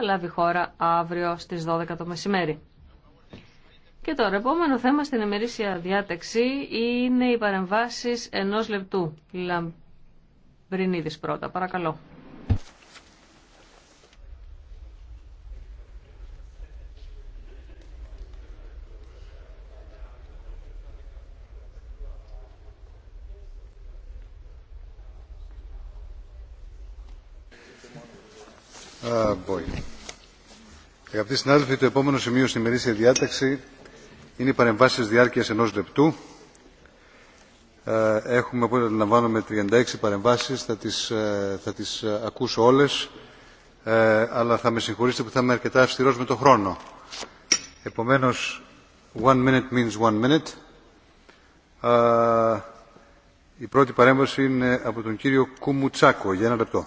θα λάβει χώρα αύριο στις 12 το μεσημέρι. Και τώρα, επόμενο θέμα στην ημερήσια διάταξη είναι οι παρεμβάσεις ενός λεπτού. Λαμπρινίδης πρώτα, παρακαλώ. Αγαπητοί συνάδελφοι, το επόμενο σημείο στη μερίσια διάταξη είναι οι παρεμβάσει διάρκεια ενό λεπτού. Ε, έχουμε, όπω αντιλαμβάνομαι, 36 παρεμβάσει. Θα τι θα τις ε, ε, ακούσω όλε, αλλά θα με συγχωρήσετε που θα είμαι αρκετά αυστηρό με το χρόνο. Επομένω, one minute means one minute. Η πρώτη παρέμβαση είναι από τον κύριο Κουμουτσάκο για ένα λεπτό.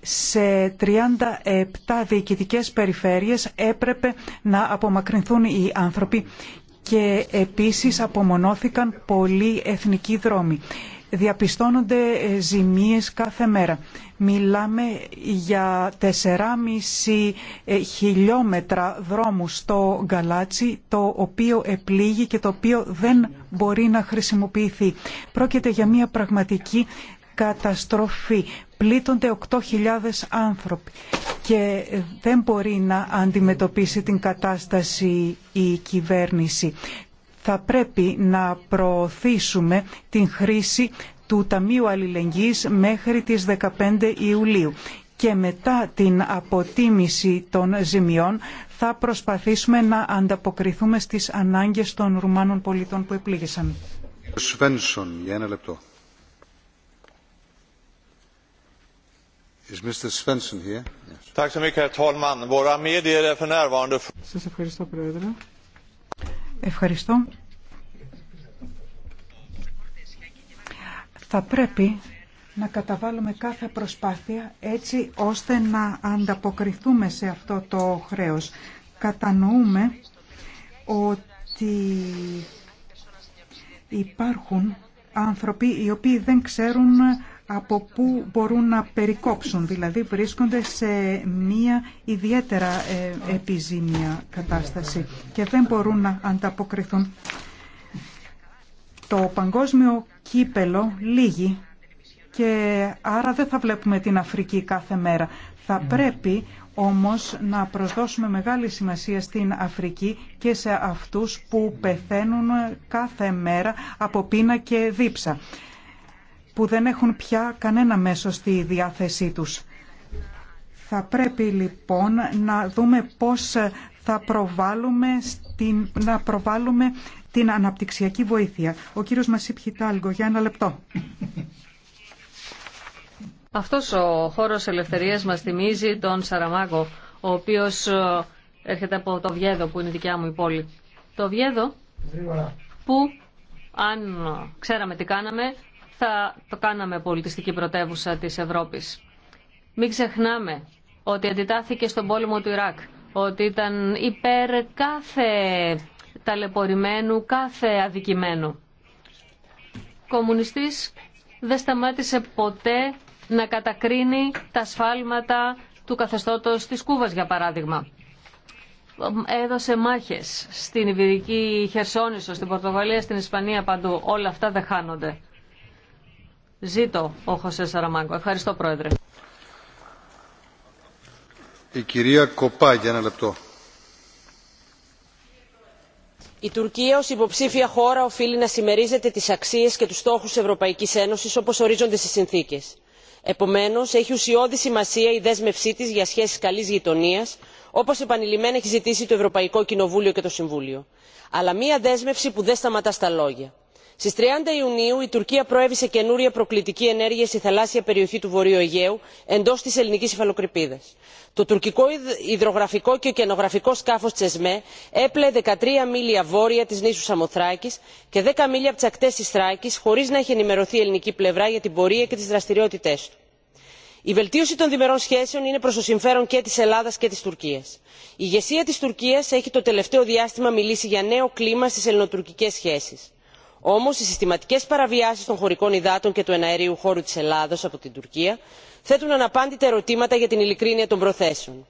σε 37 διοικητικές περιφέρειες έπρεπε να απομακρυνθούν οι άνθρωποι και επίσης απομονώθηκαν πολλοί εθνικοί δρόμοι. Διαπιστώνονται ε, ζημίες κάθε μέρα. Μιλάμε για 4,5 ε, χιλιόμετρα δρόμου στο Γκαλάτσι, το οποίο επλήγει και το οποίο δεν μπορεί να χρησιμοποιηθεί. Πρόκειται για μια πραγματική καταστροφή. Πλήττονται 8.000 άνθρωποι και δεν μπορεί να αντιμετωπίσει την κατάσταση η κυβέρνηση. Θα πρέπει να προωθήσουμε την χρήση του Ταμείου Αλληλεγγύης μέχρι τις 15 Ιουλίου και μετά την αποτίμηση των ζημιών θα προσπαθήσουμε να ανταποκριθούμε στις ανάγκες των Ρουμάνων πολιτών που επλήγησαν. Σβένσον, για ένα λεπτό. Σας ευχαριστώ, Πρόεδρε. Ευχαριστώ. Θα πρέπει να καταβάλουμε κάθε προσπάθεια έτσι ώστε να ανταποκριθούμε σε αυτό το χρέος. Κατανοούμε ότι υπάρχουν άνθρωποι οι οποίοι δεν ξέρουν από πού μπορούν να περικόψουν, δηλαδή βρίσκονται σε μία ιδιαίτερα ε, επιζήμια κατάσταση και δεν μπορούν να ανταποκριθούν. Το παγκόσμιο κύπελο λύγει και άρα δεν θα βλέπουμε την Αφρική κάθε μέρα. Θα ναι. πρέπει όμως να προσδώσουμε μεγάλη σημασία στην Αφρική και σε αυτούς που πεθαίνουν κάθε μέρα από πείνα και δίψα που δεν έχουν πια κανένα μέσο στη διάθεσή τους. Θα πρέπει λοιπόν να δούμε πώς θα προβάλλουμε, στην, να την αναπτυξιακή βοήθεια. Ο κύριος Μασίπ Χιτάλγκο, για ένα λεπτό. Αυτός ο χώρος ελευθερίας μας θυμίζει τον Σαραμάγκο, ο οποίος ε, έρχεται από το Βιέδο που είναι δικιά μου η πόλη. Το Βιέδο που αν ξέραμε τι κάναμε θα το κάναμε πολιτιστική πρωτεύουσα της Ευρώπης. Μην ξεχνάμε ότι αντιτάθηκε στον πόλεμο του Ιράκ, ότι ήταν υπέρ κάθε ταλαιπωρημένου, κάθε αδικημένου. Κομμουνιστής δεν σταμάτησε ποτέ να κατακρίνει τα σφάλματα του καθεστώτος της Κούβας, για παράδειγμα. Έδωσε μάχες στην Ιβηρική Χερσόνησο, στην Πορτογαλία, στην Ισπανία, παντού. Όλα αυτά δεν χάνονται. Ζήτω ο Χωσέ Σαραμάγκο. Ευχαριστώ, Πρόεδρε. Η κυρία Κοπά, για ένα λεπτό. Η Τουρκία ως υποψήφια χώρα οφείλει να συμμερίζεται τις αξίες και τους στόχους Ευρωπαϊκής Ένωσης όπως ορίζονται στις συνθήκες. Επομένως, έχει ουσιώδη σημασία η δέσμευσή της για σχέσεις καλής γειτονίας, όπως επανειλημμένα έχει ζητήσει το Ευρωπαϊκό Κοινοβούλιο και το Συμβούλιο. Αλλά μία δέσμευση που δεν σταματά στα λόγια Στι 30 Ιουνίου η Τουρκία προέβησε καινούρια προκλητική ενέργεια στη θαλάσσια περιοχή του Βορείου Αιγαίου εντός της ελληνικής υφαλοκρηπίδα. Το τουρκικό υδρογραφικό και ωκεανογραφικό σκάφος Τσεσμέ έπλεε 13 μίλια βόρεια τη νήσου σαμοθράκη και 10 μίλια από τι ακτέ τη θράκη, χωρί να έχει ενημερωθεί η ελληνική πλευρά για την πορεία και τι δραστηριότητε του. Η βελτίωση των διμερών σχέσεων είναι προ το συμφέρον και τη Ελλάδα και τη Τουρκία. Η ηγεσία τη Τουρκία έχει το τελευταίο διάστημα μιλήσει για νέο κλίμα στι ελληνοτουρκικέ σχέσει όμως οι συστηματικές παραβιάσεις των χωρικών υδάτων και του εναέριου χώρου της ελλάδος από την τουρκία θέτουν αναπάντητα ερωτήματα για την ειλικρίνεια των προθέσεων.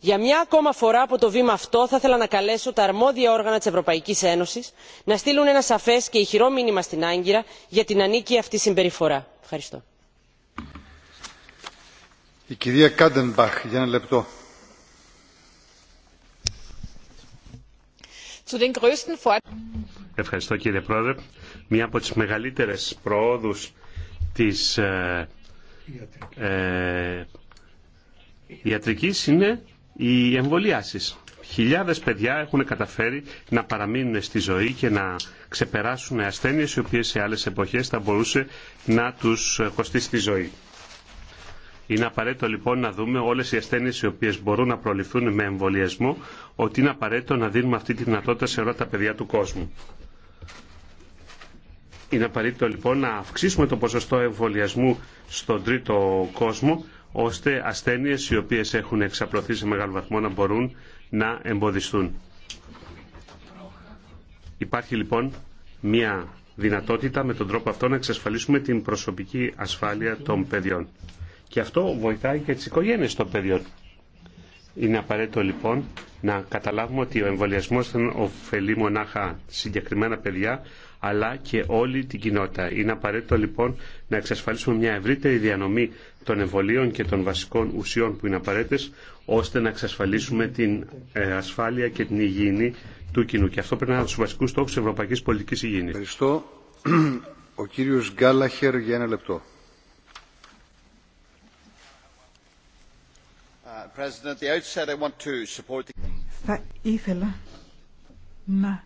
για μια ακόμα φορά από το βήμα αυτό θα ήθελα να καλέσω τα αρμόδια όργανα της ευρωπαϊκής ένωσης να στείλουν ένα σαφές και ηχηρό μήνυμα στην άγκυρα για την ανίκη αυτή συμπεριφορά. ευχαριστώ. Ευχαριστώ κύριε Πρόεδρε. Μία από τις μεγαλύτερες προόδους της ε, ε, ιατρικής είναι οι εμβολιάσεις. Χιλιάδες παιδιά έχουν καταφέρει να παραμείνουν στη ζωή και να ξεπεράσουν ασθένειες οι οποίες σε άλλες εποχές θα μπορούσε να τους κοστίσει τη ζωή. Είναι απαραίτητο λοιπόν να δούμε όλες οι ασθένειες οι οποίες μπορούν να προληφθούν με εμβολιασμό ότι είναι απαραίτητο να δίνουμε αυτή τη δυνατότητα σε όλα τα παιδιά του κόσμου. Είναι απαραίτητο λοιπόν να αυξήσουμε το ποσοστό εμβολιασμού στον τρίτο κόσμο, ώστε ασθένειες οι οποίες έχουν εξαπλωθεί σε μεγάλο βαθμό να μπορούν να εμποδιστούν. Υπάρχει λοιπόν μια δυνατότητα με τον τρόπο αυτό να εξασφαλίσουμε την προσωπική ασφάλεια των παιδιών. Και αυτό βοηθάει και τις οικογένειε των παιδιών. Είναι απαραίτητο λοιπόν να καταλάβουμε ότι ο εμβολιασμό δεν ωφελεί μονάχα συγκεκριμένα παιδιά, αλλά και όλη την κοινότητα. Είναι απαραίτητο λοιπόν να εξασφαλίσουμε μια ευρύτερη διανομή των εμβολίων και των βασικών ουσιών που είναι απαραίτητε, ώστε να εξασφαλίσουμε την ε, ασφάλεια και την υγιεινή του κοινού. Και αυτό πρέπει να είναι από του βασικού στόχου τη ευρωπαϊκή πολιτική υγιεινή. Ευχαριστώ. Ο κύριο Γκάλαχερ για ένα λεπτό. Uh, Θα ήθελα να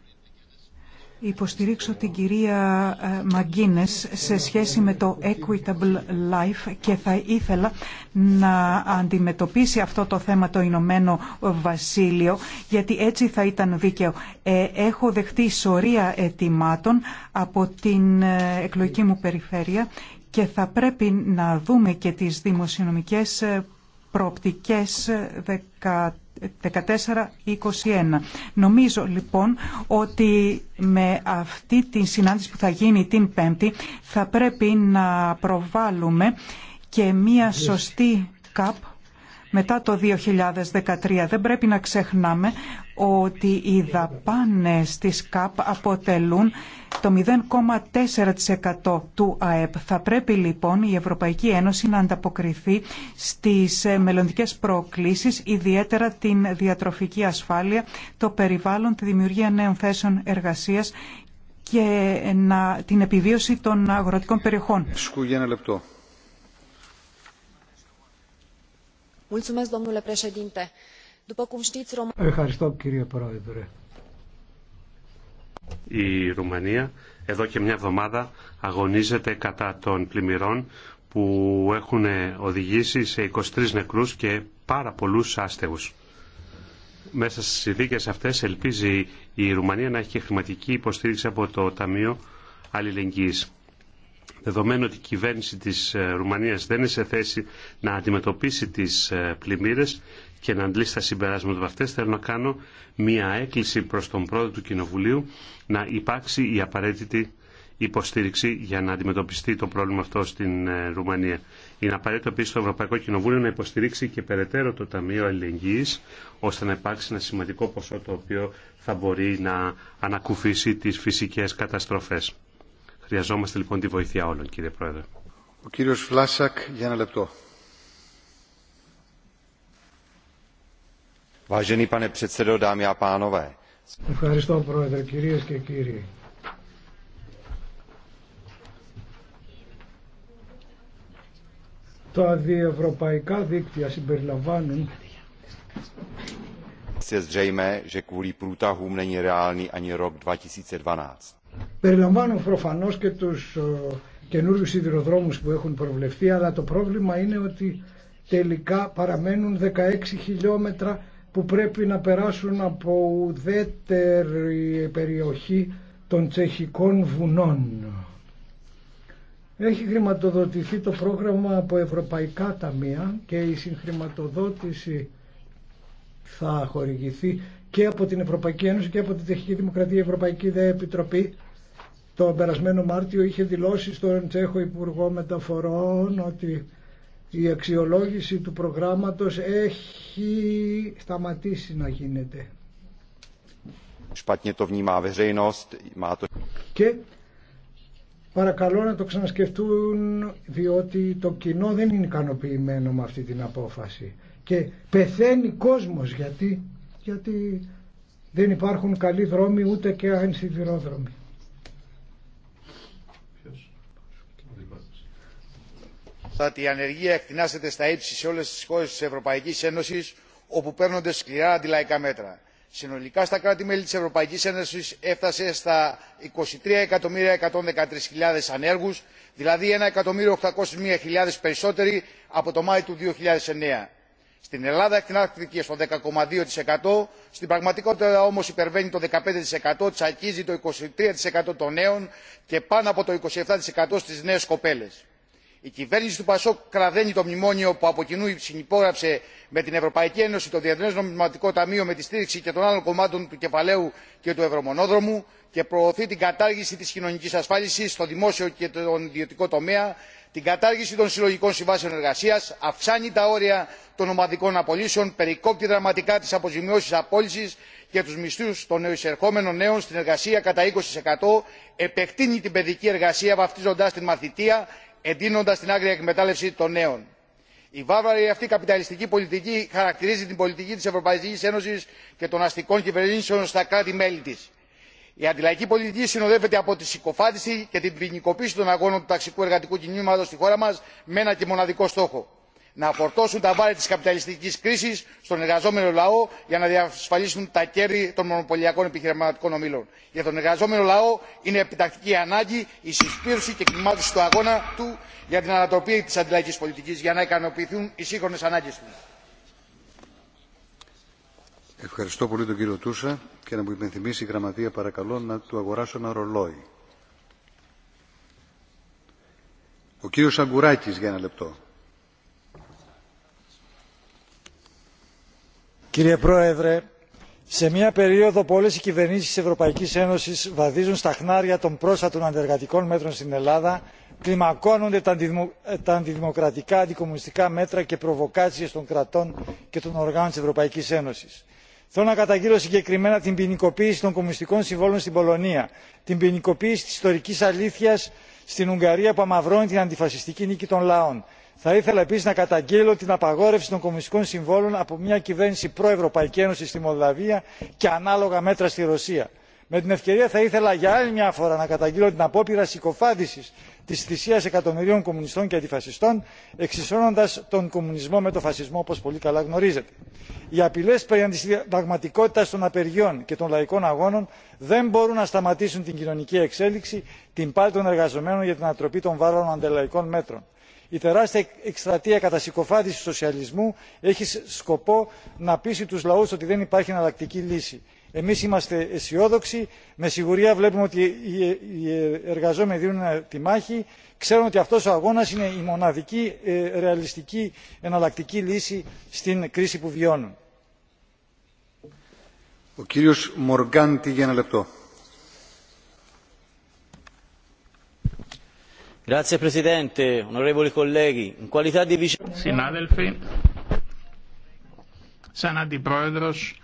υποστηρίξω την κυρία ε, Μαγκίνες σε σχέση με το Equitable Life και θα ήθελα να αντιμετωπίσει αυτό το θέμα το Ηνωμένο Βασίλειο γιατί έτσι θα ήταν δίκαιο. Ε, έχω δεχτεί σωρία αιτημάτων από την ε, εκλογική μου περιφέρεια και θα πρέπει να δούμε και τις δημοσιονομικές προοπτικές 14 Νομίζω λοιπόν ότι με αυτή τη συνάντηση που θα γίνει την Πέμπτη θα πρέπει να προβάλλουμε και μία σωστή ΚΑΠ μετά το 2013. Δεν πρέπει να ξεχνάμε ότι οι δαπάνες της ΚΑΠ αποτελούν το 0,4% του ΑΕΠ. Θα πρέπει λοιπόν η Ευρωπαϊκή Ένωση να ανταποκριθεί στις μελλοντικές προκλήσεις, ιδιαίτερα την διατροφική ασφάλεια, το περιβάλλον, τη δημιουργία νέων θέσεων εργασίας και να, την επιβίωση των αγροτικών περιοχών. Ευχαριστώ κύριε Πρόεδρε. Η Ρουμανία εδώ και μια εβδομάδα αγωνίζεται κατά των πλημμυρών που έχουν οδηγήσει σε 23 νεκρούς και πάρα πολλούς άστεγους. Μέσα στις συνθήκε αυτές ελπίζει η Ρουμανία να έχει και χρηματική υποστήριξη από το Ταμείο Αλληλεγγύης. Δεδομένου ότι η κυβέρνηση της ε, Ρουμανίας δεν είναι σε θέση να αντιμετωπίσει τις ε, πλημμύρες, και να αντλήσει τα συμπεράσματα αυτέ, θέλω να κάνω μία έκκληση προ τον πρόεδρο του Κοινοβουλίου να υπάρξει η απαραίτητη υποστήριξη για να αντιμετωπιστεί το πρόβλημα αυτό στην ε, Ρουμανία. Είναι απαραίτητο επίση το Ευρωπαϊκό Κοινοβούλιο να υποστηρίξει και περαιτέρω το Ταμείο Αλληλεγγύη, ώστε να υπάρξει ένα σημαντικό ποσό το οποίο θα μπορεί να ανακουφίσει τι φυσικέ καταστροφέ. Χρειαζόμαστε λοιπόν τη βοήθεια όλων, κύριε Πρόεδρε. Ο κύριος Φλάσακ για ένα λεπτό. Ευχαριστώ Πρόεδρε, κυρίες και κύριοι. Τα διευρωπαϊκά δίκτυα συμπεριλαμβάνουν Περιλαμβάνουν προφανώ και τους ε, καινούριου σιδηροδρόμου που έχουν προβλεφθεί, αλλά το πρόβλημα είναι ότι τελικά παραμένουν 16 χιλιόμετρα που πρέπει να περάσουν από ουδέτερη περιοχή των τσεχικών βουνών. Έχει χρηματοδοτηθεί το πρόγραμμα από ευρωπαϊκά ταμεία και η συγχρηματοδότηση θα χορηγηθεί και από την Ευρωπαϊκή Ένωση και από την Τσεχική Δημοκρατία Ευρωπαϊκή Δε Επιτροπή Το περασμένο Μάρτιο είχε δηλώσει στον Τσέχο Υπουργό Μεταφορών ότι η αξιολόγηση του προγράμματος έχει σταματήσει να γίνεται. Και παρακαλώ να το ξανασκεφτούν διότι το κοινό δεν είναι ικανοποιημένο με αυτή την απόφαση. Και πεθαίνει κόσμος γιατί, γιατί δεν υπάρχουν καλοί δρόμοι ούτε και ανσιδηρόδρομοι. ότι η ανεργία εκτινάσεται στα ύψη σε όλε τι χώρε τη ευρωπαϊκή ένωση όπου παίρνονται σκληρά αντιλαϊκά μέτρα. συνολικά στα κράτη μέλη τη ευρωπαϊκή ένωση έφτασε στα 23.113.000 ανέργους, ανέργου δηλαδή 1.801.000 περισσότεροι από το μάη του. 2009. στην ελλάδα εκτινάχθηκε στο 10,2% στην πραγματικότητα όμως υπερβαίνει το 15% τσακίζει το 23% των νέων και πάνω από το 27% στις νέες κοπέλες η κυβέρνηση του πασόκ κραδένει το μνημόνιο που από κοινού συνυπόγραψε με την ευρωπαϊκή ένωση το διεθνές νομισματικό ταμείο με τη στήριξη και των άλλων κομμάτων του κεφαλαίου και του ευρωμονόδρομου και προωθεί την κατάργηση της κοινωνικής ασφάλισης στο δημόσιο και τον ιδιωτικό τομέα την κατάργηση των συλλογικών συμβάσεων εργασίας αυξάνει τα όρια των ομαδικών απολύσεων περικόπτει δραματικά τις αποζημιώσεις απόλυσης και τους μισθούς των νεοεισερχόμενων νέων στην εργασία κατά 20% επεκτείνει την παιδική εργασία βαφτίζοντας την μαθητεία εντείνοντα την άγρια εκμετάλλευση των νέων. η βάρβαρη αυτή καπιταλιστική πολιτική χαρακτηρίζει την πολιτική τη ευρωπαϊκή ένωση και των αστικών κυβερνήσεων στα κράτη μέλη τη. η αντιλαϊκή πολιτική συνοδεύεται από τη συκοφάντηση και την ποινικοποίηση των αγώνων του ταξικού εργατικού κινήματο στη χώρα μα με ένα και μοναδικό στόχο να φορτώσουν τα βάρη τη καπιταλιστική κρίση στον εργαζόμενο λαό για να διασφαλίσουν τα κέρδη των μονοπωλιακών επιχειρηματικών ομίλων. για τον εργαζόμενο λαό είναι επιτακτική ανάγκη η συσπήρωση και κλιμάκωση του αγώνα του για την ανατροπή τη αντιλαϊκής πολιτική για να ικανοποιηθούν οι σύγχρονε ανάγκες του. Ευχαριστώ πολύ τον κύριο Τούσα και να μου υπενθυμίσει η γραμματεία παρακαλώ να του αγοράσω ένα ρολόι. Ο κύριος Αγκουράκης για ένα λεπτό. Κύριε Πρόεδρε, σε μια περίοδο που όλες οι κυβερνήσεις της Ευρωπαϊκής Ένωσης βαδίζουν στα χνάρια των πρόσφατων αντεργατικών μέτρων στην Ελλάδα, κλιμακώνονται τα αντιδημοκρατικά, αντικομουνιστικά μέτρα και προβοκάτσιες των κρατών και των οργάνων της Ευρωπαϊκής Ένωσης. Θέλω να καταγγείλω συγκεκριμένα την ποινικοποίηση των κομμουνιστικών συμβόλων στην Πολωνία, την ποινικοποίηση της ιστορικής αλήθειας στην Ουγγαρία που αμαυρώνει την αντιφασιστική νίκη των λαών, θα ήθελα επίση να καταγγείλω την απαγόρευση των κομμουνιστικών συμβόλων από μια κυβέρνηση προ-Ευρωπαϊκή ένωση στη μολδαβία και ανάλογα μέτρα στη ρωσία. με την ευκαιρία θα ήθελα για άλλη μια φορά να καταγγείλω την απόπειρα συκοφάντηση τη θυσία εκατομμυρίων κομμουνιστών και αντιφασιστών εξισώνοντα τον κομμουνισμό με τον φασισμό όπω πολύ καλά γνωρίζετε. οι απειλέ περί πραγματικότητα των απεργιών και των λαϊκών αγώνων δεν μπορούν να σταματήσουν την κοινωνική εξέλιξη την πάλη των εργαζομένων για την ανατροπή των βάρβαρων αντιλαϊκών μέτρων η τεράστια εκστρατεία κατά του σοσιαλισμού έχει σκοπό να πείσει τους λαούς ότι δεν υπάρχει εναλλακτική λύση. εμείς είμαστε αισιόδοξοι με σιγουριά βλέπουμε ότι οι εργαζόμενοι δίνουν τη μάχη ξέρουμε ότι αυτός ο αγώνας είναι η μοναδική ε, ρεαλιστική εναλλακτική λύση στην κρίση που βιώνουν. Συνάδελφοι, σαν αντιπρόεδρος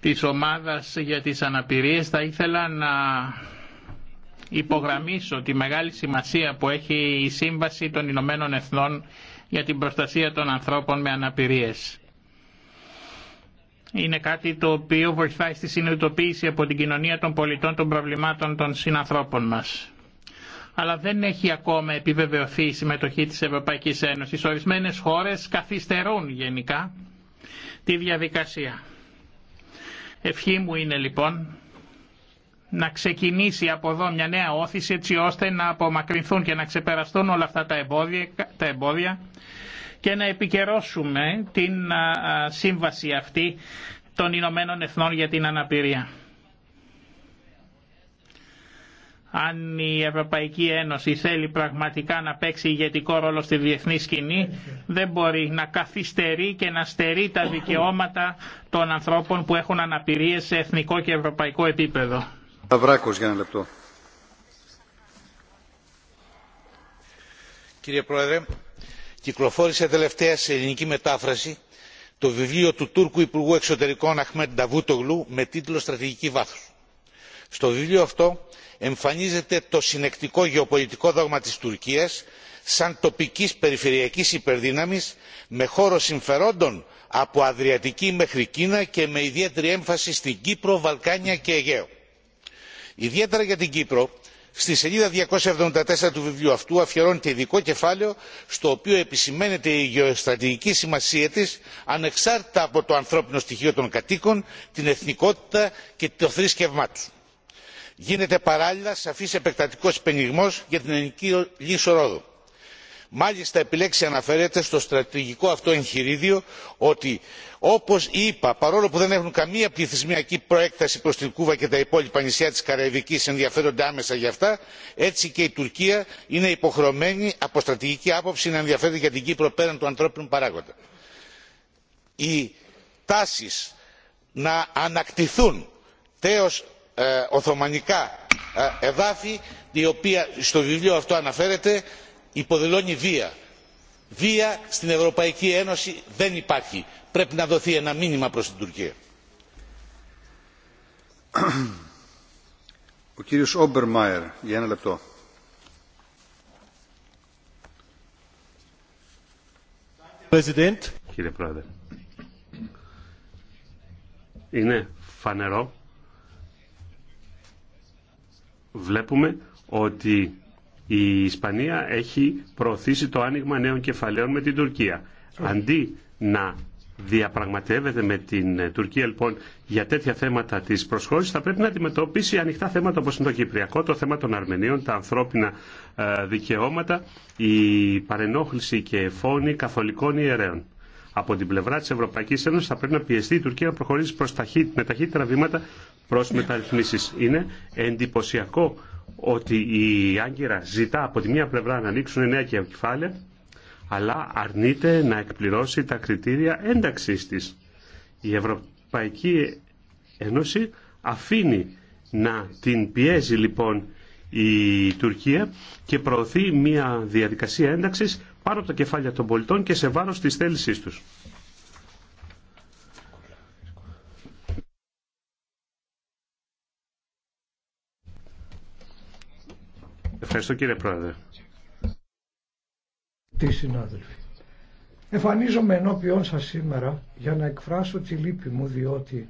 της ομάδας για τις αναπηρίες θα ήθελα να υπογραμμίσω τη μεγάλη σημασία που έχει η Σύμβαση των Ηνωμένων Εθνών για την προστασία των ανθρώπων με αναπηρίες. Είναι κάτι το οποίο βοηθάει στη συνειδητοποίηση από την κοινωνία των πολιτών των προβλημάτων των συνανθρώπων μας αλλά δεν έχει ακόμα επιβεβαιωθεί η συμμετοχή της Ευρωπαϊκής Ένωσης. Ορισμένες χώρες καθυστερούν γενικά τη διαδικασία. Ευχή μου είναι λοιπόν να ξεκινήσει από εδώ μια νέα όθηση έτσι ώστε να απομακρυνθούν και να ξεπεραστούν όλα αυτά τα εμπόδια, τα εμπόδια και να επικαιρώσουμε την σύμβαση αυτή των Ηνωμένων Εθνών για την Αναπηρία. αν η Ευρωπαϊκή Ένωση θέλει πραγματικά να παίξει ηγετικό ρόλο στη διεθνή σκηνή, δεν μπορεί να καθυστερεί και να στερεί τα δικαιώματα των ανθρώπων που έχουν αναπηρίες σε εθνικό και ευρωπαϊκό επίπεδο. για ένα λεπτό. Κύριε Πρόεδρε, κυκλοφόρησε τελευταία σε ελληνική μετάφραση το βιβλίο του Τούρκου Υπουργού Εξωτερικών Αχμέντα Βούτογλου με τίτλο «Στρατηγική Βάθος» στο βιβλίο αυτό εμφανίζεται το συνεκτικό γεωπολιτικό δόγμα της τουρκίας σαν τοπικής περιφερειακής υπερδύναμης με χώρο συμφερόντων από αδριατική μέχρι κίνα και με ιδιαίτερη έμφαση στην κύπρο βαλκάνια και αιγαίο. ιδιαίτερα για την κύπρο στη σελίδα 274 του βιβλίου αυτού αφιερώνεται ειδικό κεφάλαιο στο οποίο επισημαίνεται η γεωστρατηγική σημασία της ανεξάρτητα από το ανθρώπινο στοιχείο των κατοίκων την εθνικότητα και το θρήσκευμά τους γίνεται παράλληλα σαφής επεκτατικός πενιγμός για την ελληνική λύση ρόδου. μάλιστα επιλέξει αναφέρεται στο στρατηγικό αυτό εγχειρίδιο ότι όπως είπα, παρόλο που δεν έχουν καμία πληθυσμιακή προέκταση προς την κούβα και τα υπόλοιπα νησιά της καραϊβικής ενδιαφέρονται άμεσα για αυτά έτσι και η τουρκία είναι υποχρεωμένη από στρατηγική άποψη να ενδιαφέρεται για την κύπρο πέραν του ανθρώπινου παράγοντα. οι τάσεις να ανακτηθούν τέως ε, οθωμανικά ε, εδάφη η οποία στο βιβλίο αυτό αναφέρεται υποδηλώνει βία. βία στην ευρωπαϊκή ένωση δεν υπάρχει. πρέπει να δοθεί ένα μήνυμα προς την τουρκία. Ο κύριος Ομπερμάερ, για ένα λεπτό. Κύριε Πρόεδρε, είναι φανερό βλέπουμε ότι η Ισπανία έχει προωθήσει το άνοιγμα νέων κεφαλαίων με την Τουρκία. Αντί να διαπραγματεύεται με την ε, Τουρκία λοιπόν για τέτοια θέματα της προσχώρησης θα πρέπει να αντιμετωπίσει ανοιχτά θέματα όπως είναι το Κυπριακό, το θέμα των Αρμενίων, τα ανθρώπινα ε, δικαιώματα, η παρενόχληση και φόνη καθολικών ιερέων. Από την πλευρά της Ευρωπαϊκής Ένωσης θα πρέπει να πιεστεί η Τουρκία να προχωρήσει προς ταχύ, με ταχύτερα βήματα προς μεταρρυθμίσεις. Είναι εντυπωσιακό ότι η Άγκυρα ζητά από τη μία πλευρά να ανοίξουν νέα κεφάλαια, αλλά αρνείται να εκπληρώσει τα κριτήρια ένταξής της. Η Ευρωπαϊκή Ένωση αφήνει να την πιέζει λοιπόν η Τουρκία και προωθεί μια διαδικασία ένταξης πάνω από τα κεφάλια των πολιτών και σε βάρος της θέλησής τους. Ευχαριστώ κύριε Πρόεδρε. Τι συνάδελφοι. Εμφανίζομαι ενώπιόν σας σήμερα για να εκφράσω τη λύπη μου διότι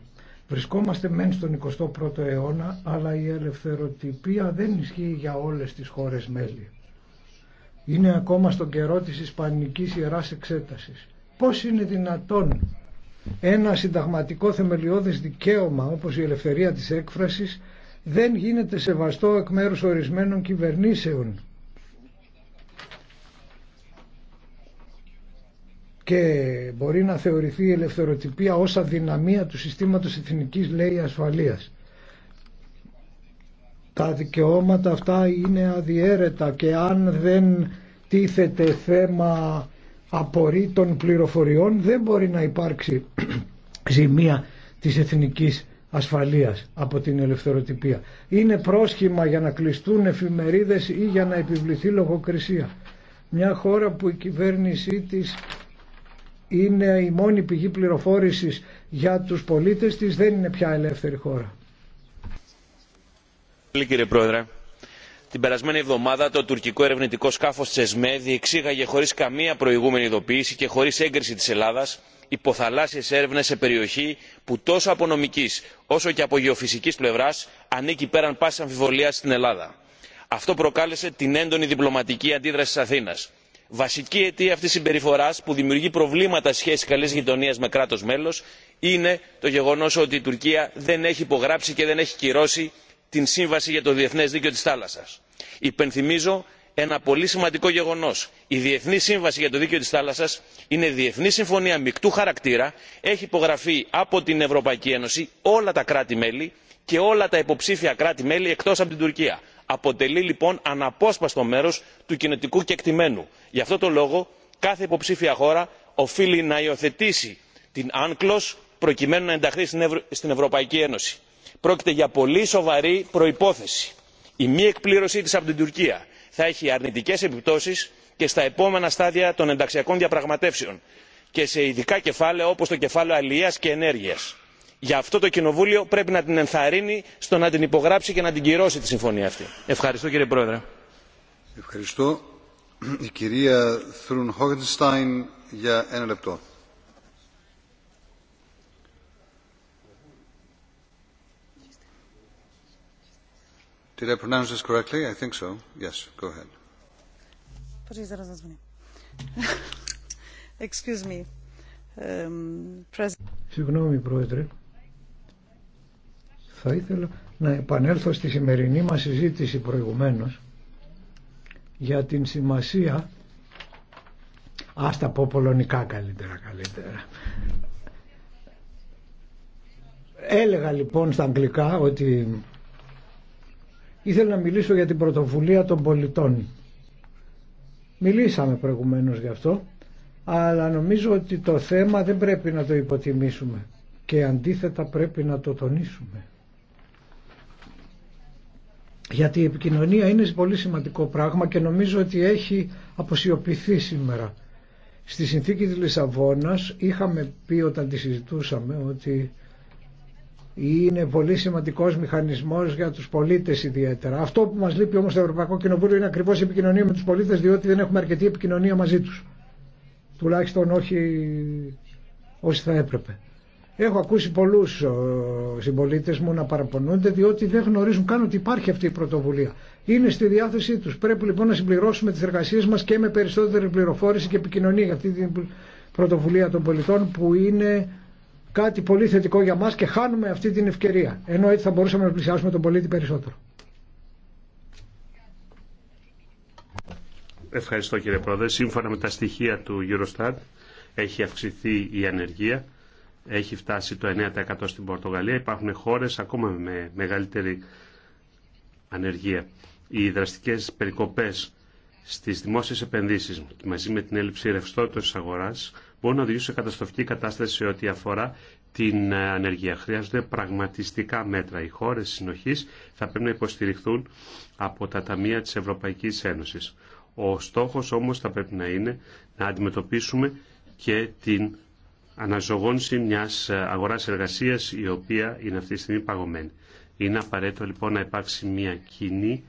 βρισκόμαστε μεν στον 21ο αιώνα αλλά η ελευθεροτυπία δεν ισχύει για όλες τις χώρες μέλη. Είναι ακόμα στον καιρό της Ισπανικής Ιεράς Εξέτασης. Πώς είναι δυνατόν ένα συνταγματικό θεμελιώδες δικαίωμα όπως η ελευθερία της έκφρασης δεν γίνεται σεβαστό εκ μέρους ορισμένων κυβερνήσεων. Και μπορεί να θεωρηθεί η ελευθεροτυπία ως αδυναμία του συστήματος εθνικής λέει ασφαλείας. Τα δικαιώματα αυτά είναι αδιέρετα και αν δεν τίθεται θέμα απορρίτων πληροφοριών δεν μπορεί να υπάρξει ζημία της εθνικής ασφαλείας από την ελευθεροτυπία. Είναι πρόσχημα για να κλειστούν εφημερίδες ή για να επιβληθεί λογοκρισία. Μια χώρα που η κυβέρνησή της είναι η μόνη πηγή πληροφόρησης για τους πολίτες της δεν είναι πια ελεύθερη χώρα. Κύριε Πρόεδρε, την περασμένη εβδομάδα το τουρκικό ερευνητικό σκάφος Τσεσμέ διεξήγαγε χωρίς καμία προηγούμενη ειδοποίηση και χωρίς έγκριση της Ελλάδας υποθαλάσσιες έρευνες σε περιοχή που τόσο από νομικής όσο και από γεωφυσικής πλευράς ανήκει πέραν πάσης αμφιβολίας στην ελλάδα. αυτό προκάλεσε την έντονη διπλωματική αντίδραση της αθήνας. βασική αιτία αυτής της συμπεριφοράς που δημιουργεί προβλήματα στις σχέση καλής γειτονίας με κράτος μέλος είναι το γεγονός ότι η τουρκία δεν έχει υπογράψει και δεν έχει κυρώσει την σύμβαση για το διεθνές δίκαιο της θάλασσας. υπενθυμίζω ένα πολύ σημαντικό γεγονό η διεθνή σύμβαση για το δίκαιο τη θάλασσα είναι διεθνή συμφωνία μεικτού χαρακτήρα έχει υπογραφεί από την ευρωπαϊκή ένωση όλα τα κράτη μέλη και όλα τα υποψήφια κράτη μέλη εκτό από την τουρκία. αποτελεί λοιπόν αναπόσπαστο μέρο του κοινοτικού κεκτημένου. γι' αυτό το λόγο κάθε υποψήφια χώρα οφείλει να υιοθετήσει την unclos προκειμένου να ενταχθεί στην, ευρωπαϊκή ένωση. πρόκειται για πολύ σοβαρή προπόθεση η μη εκπλήρωσή τη από την τουρκία θα έχει αρνητικέ επιπτώσεις και στα επόμενα στάδια των ενταξιακών διαπραγματεύσεων και σε ειδικά κεφάλαια όπως το κεφάλαιο αλληλεία και ενέργειας. γι' αυτό το κοινοβούλιο πρέπει να την ενθαρρύνει στο να την υπογράψει και να την κυρώσει τη συμφωνία αυτή. ευχαριστώ κύριε πρόεδρε. Ευχαριστώ. Η κυρία για ένα λεπτό. Um, Συγγνώμη, Πρόεδρε. Θα ήθελα να επανέλθω στη σημερινή μας συζήτηση προηγουμένως για την σημασία ας τα πω πολωνικά καλύτερα καλύτερα έλεγα λοιπόν στα αγγλικά ότι Ήθελα να μιλήσω για την πρωτοβουλία των πολιτών. Μιλήσαμε προηγουμένως γι' αυτό, αλλά νομίζω ότι το θέμα δεν πρέπει να το υποτιμήσουμε και αντίθετα πρέπει να το τονίσουμε. Γιατί η επικοινωνία είναι πολύ σημαντικό πράγμα και νομίζω ότι έχει αποσιωπηθεί σήμερα. Στη συνθήκη της Λισαβόνας είχαμε πει όταν τη συζητούσαμε ότι είναι πολύ σημαντικός μηχανισμός για τους πολίτες ιδιαίτερα. Αυτό που μας λείπει όμως στο Ευρωπαϊκό Κοινοβούλιο είναι ακριβώς η επικοινωνία με τους πολίτες διότι δεν έχουμε αρκετή επικοινωνία μαζί τους. Τουλάχιστον όχι όσοι θα έπρεπε. Έχω ακούσει πολλούς συμπολίτε μου να παραπονούνται διότι δεν γνωρίζουν καν ότι υπάρχει αυτή η πρωτοβουλία. Είναι στη διάθεσή τους. Πρέπει λοιπόν να συμπληρώσουμε τις εργασίες μας και με περισσότερη πληροφόρηση και επικοινωνία για αυτή την πρωτοβουλία των πολιτών που είναι κάτι πολύ θετικό για μας και χάνουμε αυτή την ευκαιρία. Ενώ έτσι θα μπορούσαμε να πλησιάσουμε τον πολίτη περισσότερο. Ευχαριστώ κύριε Πρόεδρε. Σύμφωνα με τα στοιχεία του Eurostat έχει αυξηθεί η ανεργία. Έχει φτάσει το 9% στην Πορτογαλία. Υπάρχουν χώρες ακόμα με μεγαλύτερη ανεργία. Οι δραστικές περικοπές στις δημόσιες επενδύσεις μαζί με την έλλειψη ρευστότητας της αγοράς μπορούν να οδηγήσουν σε καταστροφική κατάσταση σε ό,τι αφορά την ε, ανεργία. Χρειάζονται πραγματιστικά μέτρα. Οι χώρε συνοχή θα πρέπει να υποστηριχθούν από τα ταμεία τη Ευρωπαϊκή Ένωση. Ο στόχο όμω θα πρέπει να είναι να αντιμετωπίσουμε και την αναζωγόνηση μια ε, αγορά εργασία η οποία είναι αυτή τη στιγμή παγωμένη. Είναι απαραίτητο λοιπόν να υπάρξει μια κοινή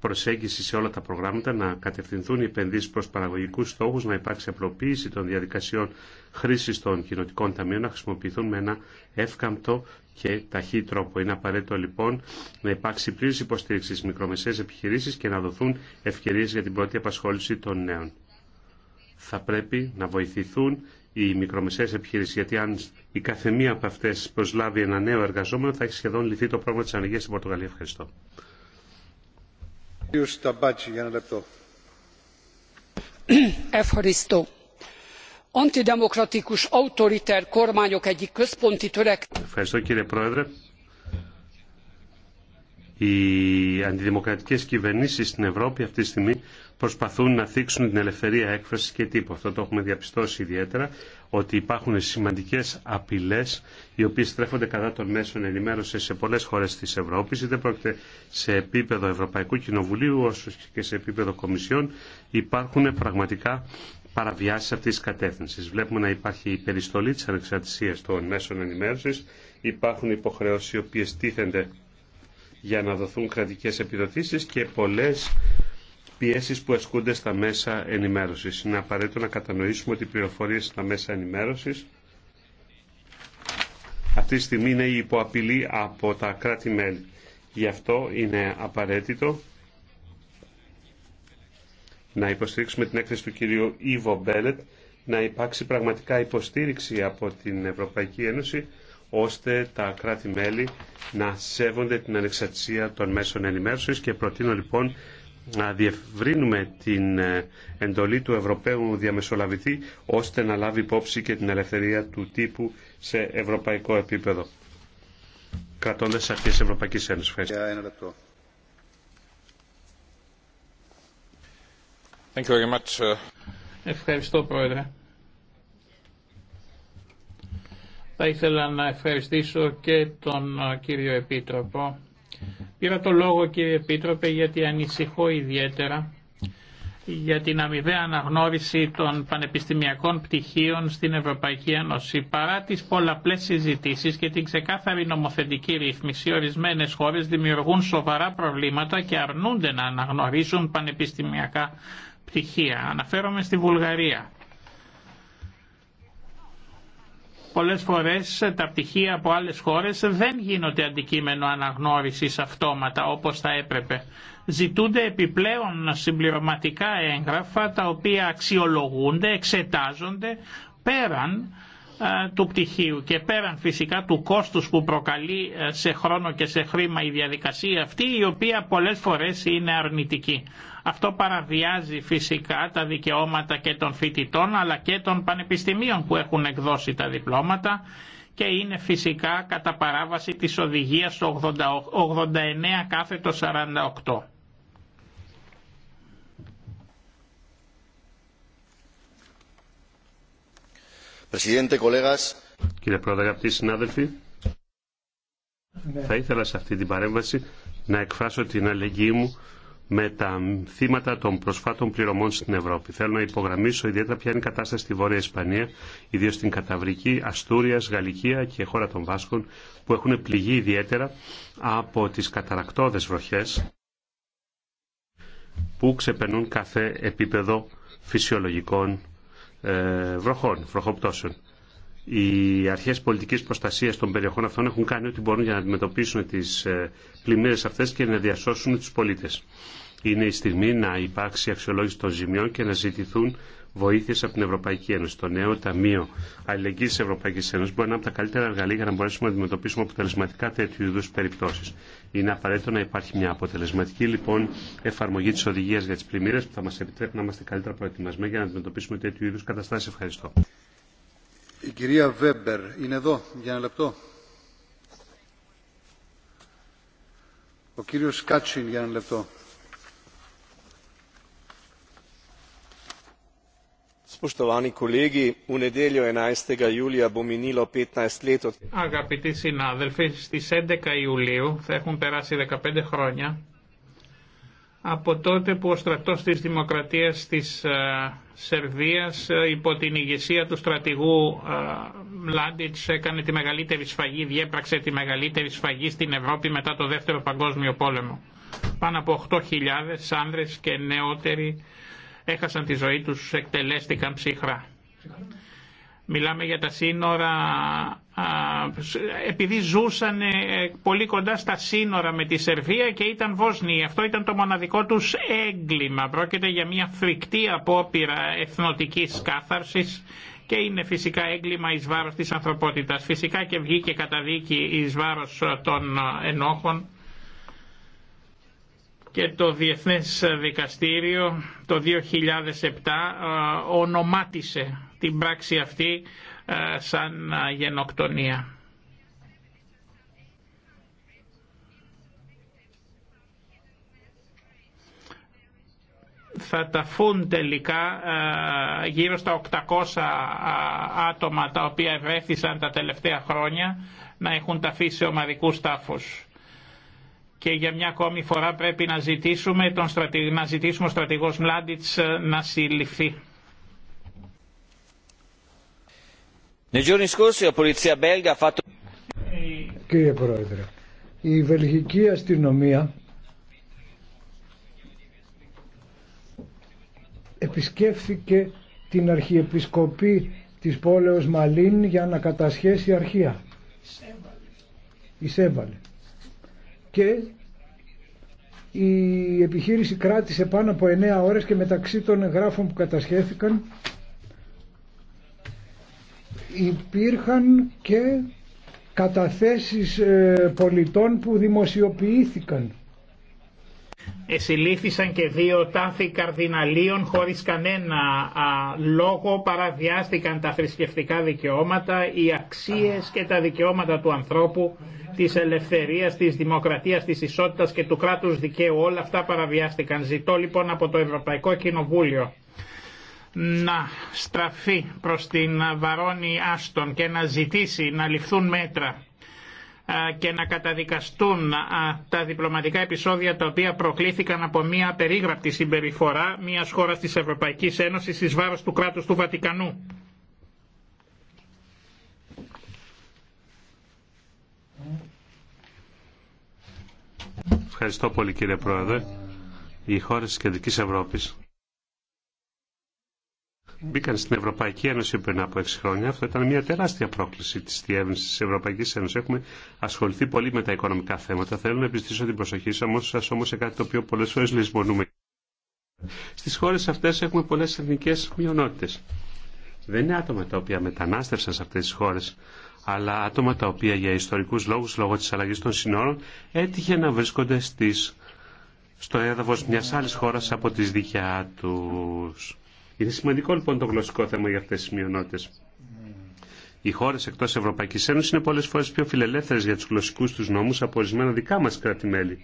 προσέγγιση σε όλα τα προγράμματα, να κατευθυνθούν οι επενδύσει προ παραγωγικού στόχου, να υπάρξει απλοποίηση των διαδικασιών χρήση των κοινοτικών ταμείων, να χρησιμοποιηθούν με ένα εύκαμπτο και ταχύ τρόπο. Είναι απαραίτητο λοιπόν να υπάρξει πλήρη υποστήριξη στι μικρομεσαίε επιχειρήσει και να δοθούν ευκαιρίε για την πρώτη απασχόληση των νέων. Θα πρέπει να βοηθηθούν οι μικρομεσαίες επιχείρησει, γιατί αν η καθεμία από αυτέ προσλάβει ένα νέο εργαζόμενο, θα έχει σχεδόν λυθεί το πρόβλημα τη ανεργία στην Πορτογαλία. Ευχαριστώ antidemokratikus autoriter kormányok egyik központi törekvése. Ευχαριστώ κύριε Πρόεδρε οι αντιδημοκρατικές κυβερνήσεις στην Ευρώπη αυτή τη στιγμή προσπαθούν να θίξουν την ελευθερία έκφρασης και τύπου. Αυτό το έχουμε διαπιστώσει ιδιαίτερα ότι υπάρχουν σημαντικές απειλές οι οποίες στρέφονται κατά των μέσων ενημέρωσης σε πολλές χώρες της Ευρώπης είτε πρόκειται σε επίπεδο Ευρωπαϊκού Κοινοβουλίου όσο και σε επίπεδο Κομισιών υπάρχουν πραγματικά παραβιάσεις αυτής της κατεύθυνσης. Βλέπουμε να υπάρχει η περιστολή της των μέσων ενημέρωσης, υπάρχουν υποχρεώσεις οι οποίες τίθενται για να δοθούν κρατικές επιδοτήσεις και πολλές πιέσεις που ασκούνται στα μέσα ενημέρωσης. Είναι απαραίτητο να κατανοήσουμε ότι οι πληροφορίες στα μέσα ενημέρωσης αυτή τη στιγμή είναι υπό απειλή από τα κράτη-μέλη. Γι' αυτό είναι απαραίτητο να υποστηρίξουμε την έκθεση του κυρίου Ιβο Μπέλετ, να υπάρξει πραγματικά υποστήριξη από την Ευρωπαϊκή Ένωση ώστε τα κράτη-μέλη να σέβονται την ανεξαρτησία των μέσων ενημέρωσης και προτείνω λοιπόν να διευρύνουμε την ε, εντολή του Ευρωπαίου διαμεσολαβητή ώστε να λάβει υπόψη και την ελευθερία του τύπου σε ευρωπαϊκό επίπεδο. Κρατώντας τις αρχές Ευρωπαϊκής Ένωσης. Ευχαριστώ. Thank Ευχαριστώ, Πρόεδρε. Θα ήθελα να ευχαριστήσω και τον κύριο Επίτροπο. Πήρα το λόγο κύριε Επίτροπε γιατί ανησυχώ ιδιαίτερα για την αμοιβαία αναγνώριση των πανεπιστημιακών πτυχίων στην Ευρωπαϊκή Ένωση. Παρά τις πολλαπλές συζητήσεις και την ξεκάθαρη νομοθετική ρύθμιση, ορισμένες χώρες δημιουργούν σοβαρά προβλήματα και αρνούνται να αναγνωρίσουν πανεπιστημιακά πτυχία. Αναφέρομαι στη Βουλγαρία. Πολλές φορές τα πτυχία από άλλες χώρες δεν γίνονται αντικείμενο αναγνώρισης αυτόματα όπως θα έπρεπε. Ζητούνται επιπλέον συμπληρωματικά έγγραφα τα οποία αξιολογούνται, εξετάζονται πέραν του πτυχίου και πέραν φυσικά του κόστους που προκαλεί σε χρόνο και σε χρήμα η διαδικασία αυτή η οποία πολλές φορές είναι αρνητική. Αυτό παραβιάζει φυσικά τα δικαιώματα και των φοιτητών αλλά και των πανεπιστημίων που έχουν εκδώσει τα διπλώματα και είναι φυσικά κατά παράβαση της οδηγίας 89 κάθετο 48. Κύριε Πρόεδρε, αγαπητοί συνάδελφοι, ναι. θα ήθελα σε αυτή την παρέμβαση να εκφράσω την αλληλεγγύη μου με τα θύματα των προσφάτων πληρωμών στην Ευρώπη. Θέλω να υπογραμμίσω ιδιαίτερα ποια είναι η κατάσταση στη Βόρεια Ισπανία, ιδίω στην Καταβρική, Αστούρια, Γαλλικία και χώρα των Βάσκων, που έχουν πληγεί ιδιαίτερα από τι καταρακτόδε βροχέ που ξεπερνούν κάθε επίπεδο φυσιολογικών ε, βροχών, βροχοπτώσεων οι αρχέ πολιτική προστασία των περιοχών αυτών έχουν κάνει ό,τι μπορούν για να αντιμετωπίσουν τι ε, πλημμύρε αυτέ και να διασώσουν του πολίτε. Είναι η στιγμή να υπάρξει αξιολόγηση των ζημιών και να ζητηθούν βοήθειε από την Ευρωπαϊκή Ένωση. Το νέο Ταμείο Αλληλεγγύη τη Ευρωπαϊκή Ένωση μπορεί να είναι από τα καλύτερα εργαλεία για να μπορέσουμε να αντιμετωπίσουμε αποτελεσματικά τέτοιου είδου περιπτώσει. Είναι απαραίτητο να υπάρχει μια αποτελεσματική λοιπόν εφαρμογή τη οδηγία για τι πλημμύρε που θα μα επιτρέπει να είμαστε καλύτερα προετοιμασμένοι για να αντιμετωπίσουμε τέτοιου είδου καταστάσει. Ευχαριστώ. Η κυρία Βέμπερ είναι εδώ για ένα λεπτό. Ο κύριος Κάτσιν για ένα λεπτό. Αγαπητοί συνάδελφοι, στις 11 Ιουλίου θα έχουν περάσει 15 χρόνια από τότε που ο στρατός της Δημοκρατίας της ε, Σερβίας ε, υπό την ηγεσία του στρατηγού Μλάντιτς ε, έκανε τη μεγαλύτερη σφαγή, διέπραξε τη μεγαλύτερη σφαγή στην Ευρώπη μετά το Δεύτερο Παγκόσμιο Πόλεμο. Πάνω από 8.000 άνδρες και νεότεροι έχασαν τη ζωή τους, εκτελέστηκαν ψυχρά. Μιλάμε για τα σύνορα επειδή ζούσαν ε, πολύ κοντά στα σύνορα με τη Σερβία και ήταν Βόσνοι. Αυτό ήταν το μοναδικό τους έγκλημα. Πρόκειται για μια φρικτή απόπειρα εθνοτικής κάθαρσης και είναι φυσικά έγκλημα εις βάρος της ανθρωπότητας. Φυσικά και βγήκε κατά δίκη εις βάρος ε, των ενόχων και το Διεθνές Δικαστήριο το 2007 ε, ονομάτισε την πράξη αυτή σαν γενοκτονία. θα ταφούν τελικά γύρω στα 800 άτομα τα οποία ευρέθησαν τα τελευταία χρόνια να έχουν ταφεί σε ομαδικούς τάφους. Και για μια ακόμη φορά πρέπει να ζητήσουμε, τον να ζητήσουμε ο στρατηγός Μλάντιτς να συλληφθεί. Κύριε Πρόεδρε, η βελγική αστυνομία επισκέφθηκε την αρχιεπισκοπή της πόλεως Μαλίν για να κατασχέσει αρχεία. Εισέβαλε. Και η επιχείρηση κράτησε πάνω από 9 ώρες και μεταξύ των εγγράφων που κατασχέθηκαν υπήρχαν και καταθέσεις ε, πολιτών που δημοσιοποιήθηκαν. Εσυλήθησαν και δύο τάθη καρδιναλίων χωρίς κανένα λόγο παραβιάστηκαν τα θρησκευτικά δικαιώματα, οι αξίες και τα δικαιώματα του ανθρώπου, της ελευθερίας, της δημοκρατίας, της ισότητας και του κράτους δικαίου. Όλα αυτά παραβιάστηκαν. Ζητώ λοιπόν από το Ευρωπαϊκό Κοινοβούλιο να στραφεί προς την Βαρόνη Άστον και να ζητήσει να ληφθούν μέτρα και να καταδικαστούν τα διπλωματικά επεισόδια τα οποία προκλήθηκαν από μια περίγραπτη συμπεριφορά μιας χώρας της Ευρωπαϊκής Ένωσης εις βάρος του κράτους του Βατικανού. Ευχαριστώ πολύ κύριε Πρόεδρε. Οι χώρες της Κεντρικής Ευρώπης μπήκαν στην Ευρωπαϊκή Ένωση πριν από 6 χρόνια, αυτό ήταν μια τεράστια πρόκληση τη διεύρυνση τη Ευρωπαϊκή Ένωση. Έχουμε ασχοληθεί πολύ με τα οικονομικά θέματα. Θέλω να επιστήσω την προσοχή σα όμω σε κάτι το οποίο πολλέ φορέ λησμονούμε. Στι χώρε αυτέ έχουμε πολλέ εθνικέ μειονότητε. Δεν είναι άτομα τα οποία μετανάστευσαν σε αυτέ τι χώρε, αλλά άτομα τα οποία για ιστορικού λόγου, λόγω τη αλλαγή των συνόρων, έτυχε να βρίσκονται στις, στο έδαφο μια άλλη χώρα από τις δικιά τους. Είναι σημαντικό λοιπόν το γλωσσικό θέμα για αυτές τις μειονότητες. Οι χώρε εκτό Ευρωπαϊκή Ένωση είναι πολλέ φορέ πιο φιλελεύθερε για του γλωσσικού του νόμου από ορισμένα δικά μα κράτη-μέλη.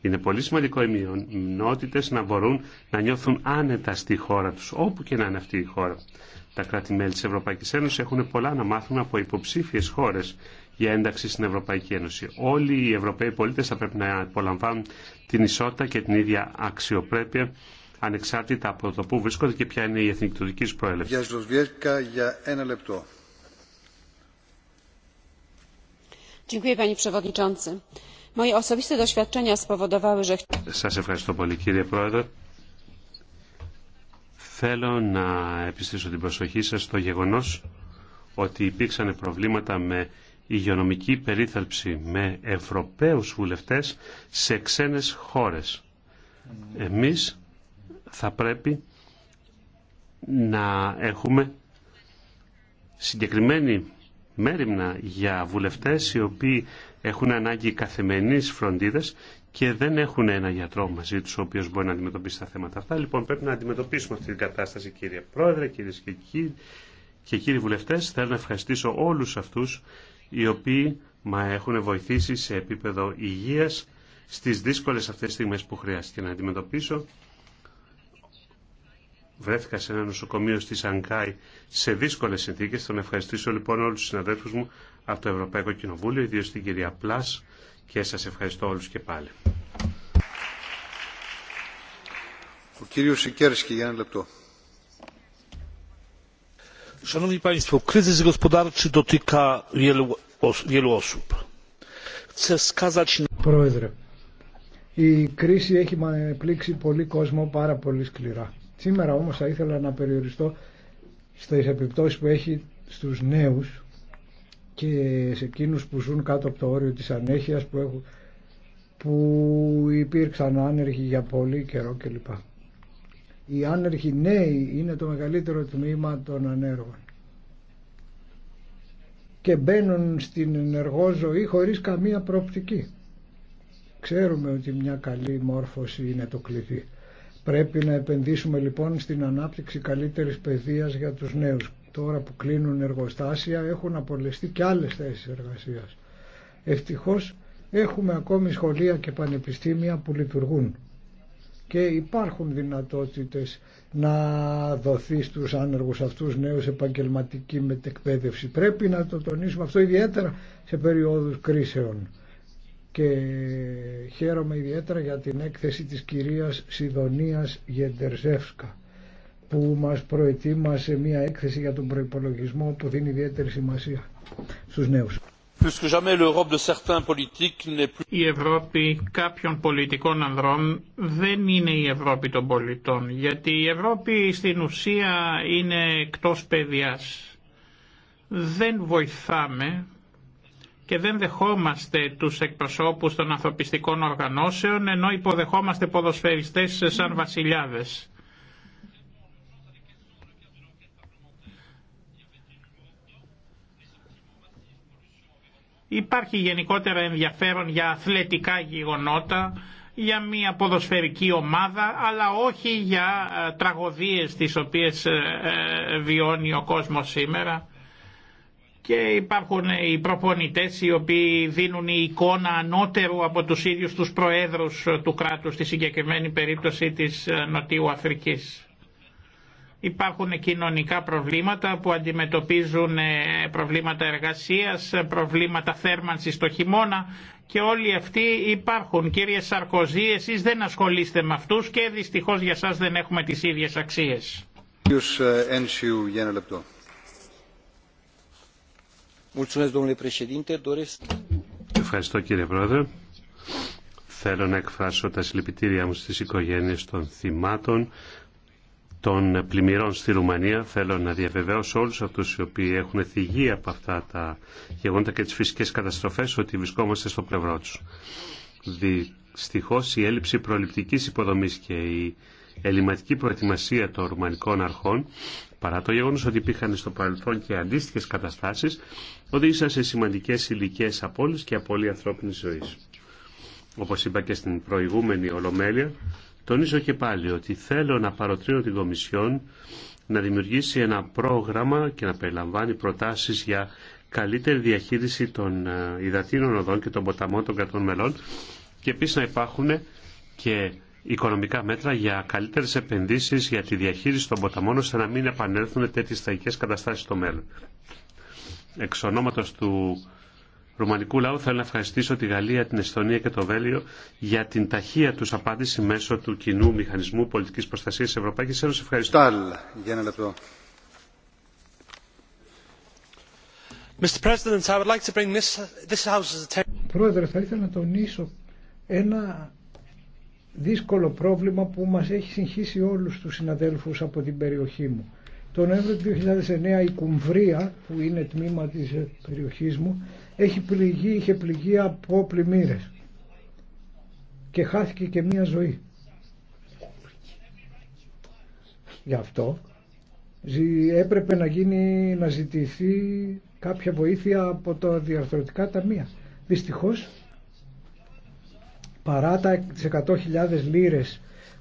Είναι πολύ σημαντικό οι μειονότητε να μπορούν να νιώθουν άνετα στη χώρα του, όπου και να είναι αυτή η χώρα. Τα κράτη-μέλη τη Ευρωπαϊκή Ένωση έχουν πολλά να μάθουν από υποψήφιε χώρε για ένταξη στην Ευρωπαϊκή Ένωση. Όλοι οι Ευρωπαίοι πολίτε θα πρέπει να απολαμβάνουν την ισότητα και την ίδια αξιοπρέπεια ανεξάρτητα από το πού βρίσκονται και ποια είναι η εθνική του προέλευση. Για ένα λεπτό. Σας ευχαριστώ πολύ κύριε Πρόεδρε. Θέλω να επιστήσω την προσοχή σας στο γεγονός ότι υπήρξαν προβλήματα με υγειονομική περίθαλψη με Ευρωπαίους βουλευτές σε ξένες χώρες. Εμείς θα πρέπει να έχουμε συγκεκριμένη μέρημνα για βουλευτές οι οποίοι έχουν ανάγκη καθημερινής φροντίδας και δεν έχουν ένα γιατρό μαζί τους ο οποίος μπορεί να αντιμετωπίσει τα θέματα αυτά. Λοιπόν πρέπει να αντιμετωπίσουμε αυτή την κατάσταση κύριε Πρόεδρε, κύριε και κύριοι, και κύριοι βουλευτές. Θέλω να ευχαριστήσω όλους αυτούς οι οποίοι μα έχουν βοηθήσει σε επίπεδο υγείας στις δύσκολες αυτές τις στιγμές που χρειάστηκε να αντιμετωπίσω βρέθηκα σε ένα νοσοκομείο στη Σανκάη σε δύσκολε συνθήκε. Θα ευχαριστήσω λοιπόν όλου του συναδέλφους μου από το Ευρωπαϊκό Κοινοβούλιο, ιδίω την κυρία Πλά, και σα ευχαριστώ όλου και πάλι. Ο Σικέρσκι για ένα λεπτό. Szanowni Państwo, kryzys gospodarczy dotyka wielu, wielu osób. Chcę Πρόεδρε, η κρίση έχει πλήξει πολύ κόσμο πάρα πολύ σκληρά. Σήμερα όμως θα ήθελα να περιοριστώ στις επιπτώσεις που έχει στους νέους και σε εκείνους που ζουν κάτω από το όριο της ανέχειας που, έχουν, που υπήρξαν άνεργοι για πολύ καιρό κλπ. Οι άνεργοι νέοι είναι το μεγαλύτερο τμήμα των ανέργων και μπαίνουν στην ενεργό ζωή χωρίς καμία προοπτική. Ξέρουμε ότι μια καλή μόρφωση είναι το κλειδί. Πρέπει να επενδύσουμε λοιπόν στην ανάπτυξη καλύτερης παιδείας για τους νέους. Τώρα που κλείνουν εργοστάσια έχουν απολεστεί και άλλες θέσεις εργασίας. Ευτυχώς έχουμε ακόμη σχολεία και πανεπιστήμια που λειτουργούν και υπάρχουν δυνατότητες να δοθεί στους άνεργους αυτούς νέους επαγγελματική μετεκπαίδευση. Πρέπει να το τονίσουμε αυτό ιδιαίτερα σε περίοδους κρίσεων και χαίρομαι ιδιαίτερα για την έκθεση της κυρίας Σιδονίας Γεντερζεύσκα που μας προετοίμασε μια έκθεση για τον προϋπολογισμό που δίνει ιδιαίτερη σημασία στους νέους. Η Ευρώπη κάποιων πολιτικών ανδρών δεν είναι η Ευρώπη των πολιτών, γιατί η Ευρώπη στην ουσία είναι εκτός παιδιάς. Δεν βοηθάμε και δεν δεχόμαστε τους εκπροσώπους των ανθρωπιστικών οργανώσεων ενώ υποδεχόμαστε ποδοσφαιριστές σαν βασιλιάδες. Υπάρχει γενικότερα ενδιαφέρον για αθλητικά γεγονότα, για μια ποδοσφαιρική ομάδα, αλλά όχι για ε, τραγωδίες τις οποίες ε, ε, βιώνει ο κόσμος σήμερα και υπάρχουν οι προπονητές οι οποίοι δίνουν η εικόνα ανώτερου από τους ίδιους τους προέδρους του κράτους στη συγκεκριμένη περίπτωση της ε, Νοτιού Αφρικής. Υπάρχουν κοινωνικά προβλήματα που αντιμετωπίζουν ε, προβλήματα εργασίας, ε, προβλήματα θέρμανσης το χειμώνα και όλοι αυτοί υπάρχουν. Κύριε Σαρκοζή, εσείς δεν ασχολείστε με αυτούς και δυστυχώς για σας δεν έχουμε τις ίδιες αξίες. Ευχαριστώ κύριε Πρόεδρε. Θέλω να εκφράσω τα συλληπιτήριά μου στις οικογένειες των θυμάτων των πλημμυρών στη Ρουμανία. Θέλω να διαβεβαιώσω όλους αυτούς οι οποίοι έχουν θυγεί από αυτά τα γεγονότα και τις φυσικές καταστροφές ότι βρισκόμαστε στο πλευρό τους. Δυστυχώς η έλλειψη προληπτικής υποδομής και η ελληματική προετοιμασία των ρουμανικών αρχών Παρά το γεγονό ότι υπήρχαν στο παρελθόν και αντίστοιχε καταστάσει, οδήγησαν σε σημαντικέ ηλικίε απώλειε και απώλεια ανθρώπινη ζωή. Όπω είπα και στην προηγούμενη Ολομέλεια, τονίζω και πάλι ότι θέλω να παροτρύνω την Κομισιόν να δημιουργήσει ένα πρόγραμμα και να περιλαμβάνει προτάσεις για καλύτερη διαχείριση των ε, υδατίνων οδών και των ποταμών των κρατών μελών και επίσης να υπάρχουν και οικονομικά μέτρα για καλύτερες επενδύσεις για τη διαχείριση των ποταμών ώστε να μην επανέλθουν τέτοιες τραγικέ καταστάσεις στο μέλλον. Εξ ονόματος του Ρουμανικού λαού θέλω να ευχαριστήσω τη Γαλλία, την Εσθονία και το Βέλιο για την ταχεία του απάντηση μέσω του κοινού μηχανισμού πολιτικής προστασίας της Ευρωπαϊκής Ευχαριστώ. Πρόεδρε, θα ήθελα να τονίσω ένα δύσκολο πρόβλημα που μας έχει συγχύσει όλους τους συναδέλφους από την περιοχή μου. Το Νοέμβριο του 2009 η Κουμβρία, που είναι τμήμα της περιοχής μου, έχει πληγεί, είχε πληγεί από πλημμύρε και χάθηκε και μία ζωή. Γι' αυτό έπρεπε να, γίνει, να ζητηθεί κάποια βοήθεια από τα διαρθρωτικά ταμεία. Δυστυχώς παρά τα 100.000 λίρες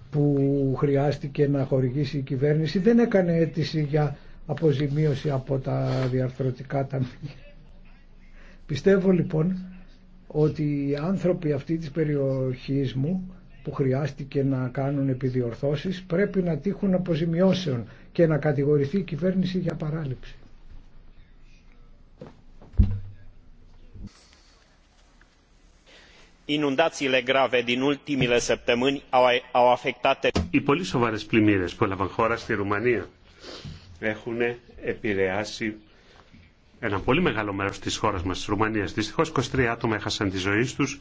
που χρειάστηκε να χορηγήσει η κυβέρνηση δεν έκανε αίτηση για αποζημίωση από τα διαρθρωτικά ταμεία. Πιστεύω λοιπόν ότι οι άνθρωποι αυτή της περιοχής μου που χρειάστηκε να κάνουν επιδιορθώσεις πρέπει να τύχουν αποζημιώσεων και να κατηγορηθεί η κυβέρνηση για παράληψη. Οι πολύ σοβαρές πλημμύρες που έλαβαν χώρα στη Ρουμανία έχουν επηρεάσει ένα πολύ μεγάλο μέρος της χώρας μας, τη Ρουμανίας. Δυστυχώς 23 άτομα έχασαν τη ζωή τους,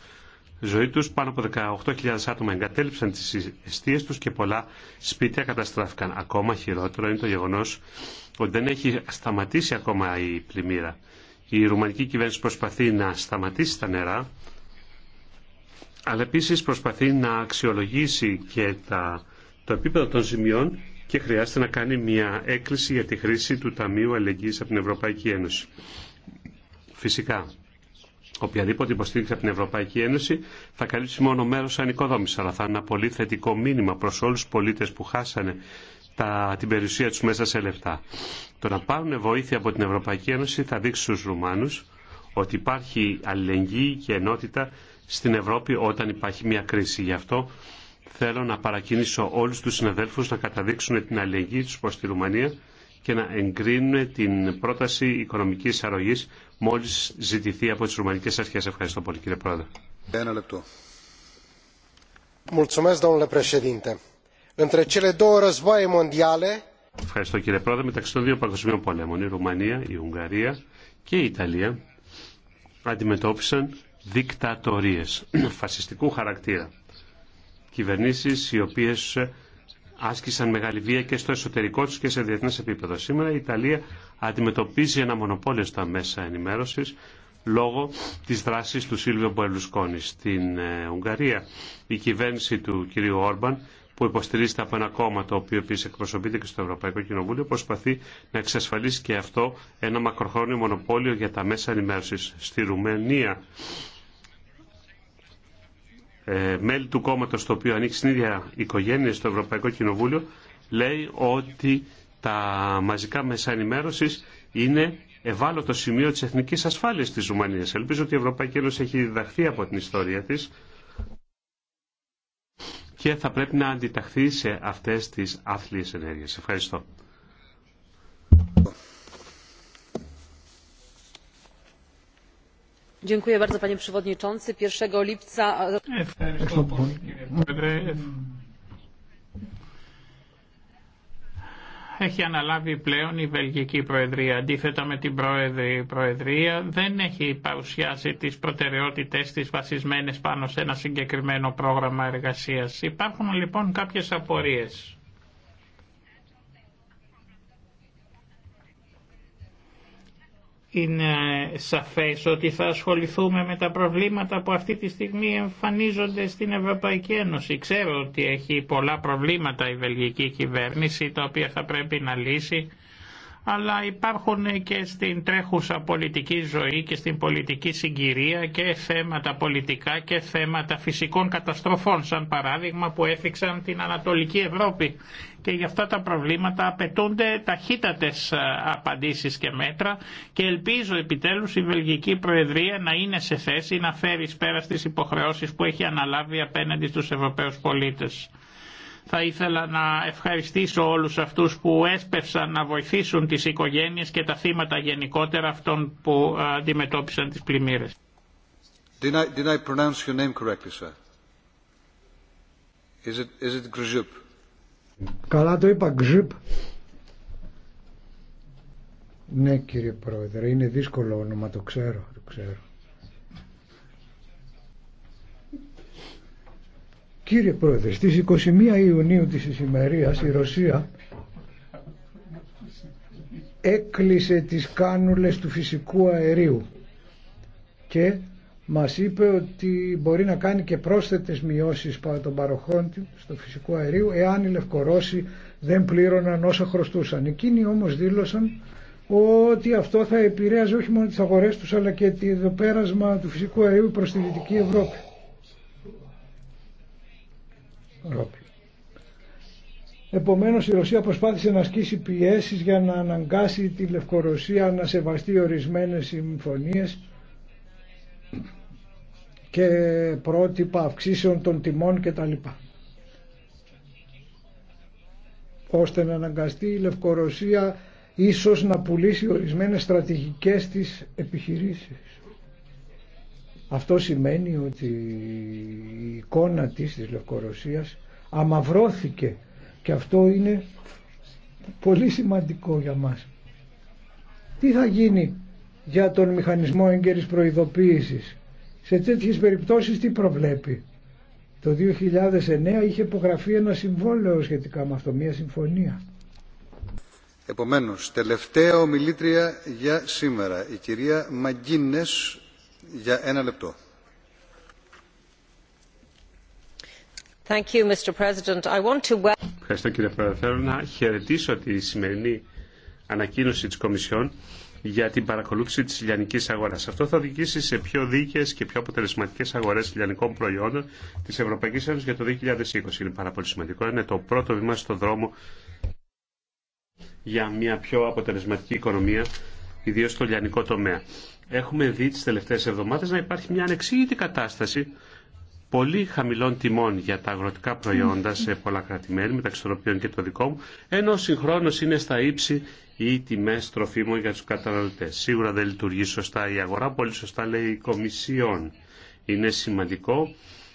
ζωή τους πάνω από 18.000 άτομα εγκατέλειψαν τις αιστείε τους και πολλά σπίτια καταστράφηκαν. Ακόμα χειρότερο είναι το γεγονός ότι δεν έχει σταματήσει ακόμα η πλημμύρα. Η ρουμανική κυβέρνηση προσπαθεί να σταματήσει τα νερά, αλλά επίσης προσπαθεί να αξιολογήσει και τα, το επίπεδο των ζημιών και χρειάζεται να κάνει μια έκκληση για τη χρήση του Ταμείου Αλληλεγγύης από την Ευρωπαϊκή Ένωση. Φυσικά, οποιαδήποτε υποστήριξη από την Ευρωπαϊκή Ένωση θα καλύψει μόνο μέρος οικοδόμηση, αλλά θα είναι ένα πολύ θετικό μήνυμα προς όλους τους πολίτες που χάσανε τα, την περιουσία τους μέσα σε λεφτά. Το να πάρουν βοήθεια από την Ευρωπαϊκή Ένωση θα δείξει στους Ρουμάνους ότι υπάρχει αλληλεγγύη και ενότητα στην Ευρώπη όταν υπάρχει μια κρίση. Γι' αυτό θέλω να παρακινήσω όλους τους συναδέλφους να καταδείξουν την αλληλεγγύη τους προς τη Ρουμανία και να εγκρίνουν την πρόταση οικονομικής αρρωγής μόλις ζητηθεί από τις Ρουμανικές Αρχές. Ευχαριστώ πολύ κύριε Πρόεδρε. Ένα λεπτό. Ευχαριστώ κύριε Πρόεδρε. Μεταξύ των δύο παγκοσμίων πολέμων, η Ρουμανία, η Ουγγαρία και η Ιταλία αντιμετώπισαν δικτατορίες φασιστικού χαρακτήρα. Κυβερνήσεις οι οποίες άσκησαν μεγάλη βία και στο εσωτερικό τους και σε διεθνές επίπεδο. Σήμερα η Ιταλία αντιμετωπίζει ένα μονοπόλιο στα μέσα ενημέρωσης λόγω της δράσης του Σίλβιο Μπορελουσκόνη. Στην ε, Ουγγαρία η κυβέρνηση του κυρίου Όρμπαν που υποστηρίζεται από ένα κόμμα το οποίο επίση εκπροσωπείται και στο Ευρωπαϊκό Κοινοβούλιο, προσπαθεί να εξασφαλίσει και αυτό ένα μακροχρόνιο μονοπόλιο για τα μέσα ενημέρωση. Στη Ρουμανία ε, μέλη του κόμματος το οποίο ανοίξει στην ίδια οικογένεια στο Ευρωπαϊκό Κοινοβούλιο λέει ότι τα μαζικά μέσα ενημέρωσης είναι ευάλωτο σημείο της εθνικής ασφάλειας της Ρουμανίας. Ελπίζω ότι η Ευρωπαϊκή Ένωση έχει διδαχθεί από την ιστορία της και θα πρέπει να αντιταχθεί σε αυτές τις άθλιες ενέργειες. Ευχαριστώ. E, Ευχαριστώ πολύ, κύριε έχει αναλάβει πλέον η Βελγική Προεδρία. Αντίθετα με την η Προεδρία δεν έχει παρουσιάσει τις προτεραιότητες της βασισμένες πάνω σε ένα συγκεκριμένο πρόγραμμα εργασίας. Υπάρχουν λοιπόν κάποιες απορίες. είναι σαφές ότι θα ασχοληθούμε με τα προβλήματα που αυτή τη στιγμή εμφανίζονται στην Ευρωπαϊκή Ένωση. Ξέρω ότι έχει πολλά προβλήματα η βελγική κυβέρνηση τα οποία θα πρέπει να λύσει αλλά υπάρχουν και στην τρέχουσα πολιτική ζωή και στην πολιτική συγκυρία και θέματα πολιτικά και θέματα φυσικών καταστροφών, σαν παράδειγμα που έφυξαν την Ανατολική Ευρώπη. Και για αυτά τα προβλήματα απαιτούνται ταχύτατες απαντήσεις και μέτρα και ελπίζω επιτέλους η Βελγική Προεδρία να είναι σε θέση να φέρει πέρα στις υποχρεώσεις που έχει αναλάβει απέναντι στους Ευρωπαίους πολίτες. Θα ήθελα να ευχαριστήσω όλους αυτούς που έσπευσαν να βοηθήσουν τις οικογένειες και τα θύματα γενικότερα αυτών που αντιμετώπισαν τις πλημμύρες. Did I, did I pronounce your name correctly, sir? Is it, is it Καλά το είπα, Grzyb. Ναι κύριε Πρόεδρε, είναι δύσκολο όνομα, το ξέρω, το ξέρω. Κύριε Πρόεδρε, στις 21 Ιουνίου της Ισημερίας η Ρωσία έκλεισε τις κάνουλες του φυσικού αερίου και μας είπε ότι μπορεί να κάνει και πρόσθετες μειώσεις των παροχών του στο φυσικό αερίο εάν οι Λευκορώσοι δεν πλήρωναν όσα χρωστούσαν. Εκείνοι όμως δήλωσαν ότι αυτό θα επηρέαζε όχι μόνο τις αγορές τους αλλά και το πέρασμα του φυσικού αερίου προς τη Δυτική Ευρώπη. Ευρώπη. Επομένως η Ρωσία προσπάθησε να ασκήσει πιέσεις για να αναγκάσει τη Λευκορωσία να σεβαστεί ορισμένες συμφωνίες και πρότυπα αυξήσεων των τιμών κτλ. ώστε να αναγκαστεί η Λευκορωσία ίσως να πουλήσει ορισμένες στρατηγικές της επιχειρήσεις. Αυτό σημαίνει ότι η εικόνα της της Λευκορωσίας αμαυρώθηκε και αυτό είναι πολύ σημαντικό για μας. Τι θα γίνει για τον μηχανισμό έγκαιρης προειδοποίησης. Σε τέτοιες περιπτώσεις τι προβλέπει. Το 2009 είχε υπογραφεί ένα συμβόλαιο σχετικά με αυτό, μια συμφωνία. Επομένως, τελευταία ομιλήτρια για σήμερα, η κυρία Μαγκίνες για ένα Ευχαριστώ κύριε Πρόεδρε. Θέλω να χαιρετήσω τη σημερινή ανακοίνωση της Κομισιόν για την παρακολούθηση της λιανικής αγοράς. Αυτό θα οδηγήσει σε πιο δίκαιες και πιο αποτελεσματικές αγορές λιανικών προϊόντων της Ευρωπαϊκής Ένωσης για το 2020. Είναι πάρα πολύ σημαντικό. Είναι το πρώτο βήμα στον δρόμο για μια πιο αποτελεσματική οικονομία, ιδίως στο λιανικό τομέα έχουμε δει τις τελευταίες εβδομάδες να υπάρχει μια ανεξήγητη κατάσταση πολύ χαμηλών τιμών για τα αγροτικά προϊόντα σε πολλά κρατημένη, μεταξύ των οποίων και το δικό μου, ενώ συγχρόνω είναι στα ύψη οι τιμέ τροφίμων για του καταναλωτέ. Σίγουρα δεν λειτουργεί σωστά η αγορά, πολύ σωστά λέει η Κομισιόν. Είναι σημαντικό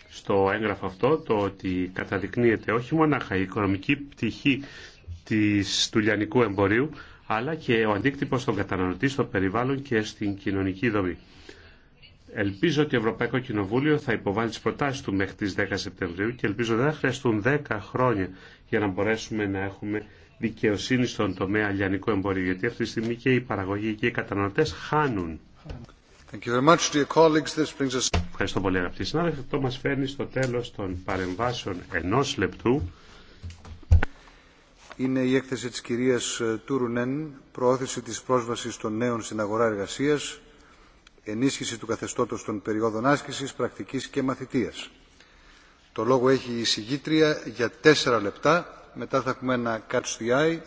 στο έγγραφο αυτό το ότι καταδεικνύεται όχι μόνο η οικονομική πτυχή της, του λιανικού εμπορίου, αλλά και ο αντίκτυπος στον καταναλωτή, στο περιβάλλον και στην κοινωνική δομή. Ελπίζω ότι το Ευρωπαϊκό Κοινοβούλιο θα υποβάλει τι προτάσει του μέχρι τι 10 Σεπτεμβρίου και ελπίζω δεν θα χρειαστούν 10 χρόνια για να μπορέσουμε να έχουμε δικαιοσύνη στον τομέα αλλιανικού εμπορίου. Γιατί αυτή τη στιγμή και οι παραγωγοί και οι καταναλωτέ χάνουν. Ευχαριστώ πολύ αγαπητοί συνάδελφοι. Αυτό μα φέρνει στο τέλο των παρεμβάσεων ενό λεπτού είναι η έκθεση της κυρίας ε, Τούρουνεν «Προώθηση της πρόσβασης των νέων στην αγορά εργασίας, ενίσχυση του καθεστώτος των περιόδων άσκησης, πρακτικής και μαθητείας». Το λόγο έχει η συγγήτρια για τέσσερα λεπτά, μετά θα έχουμε ένα catch the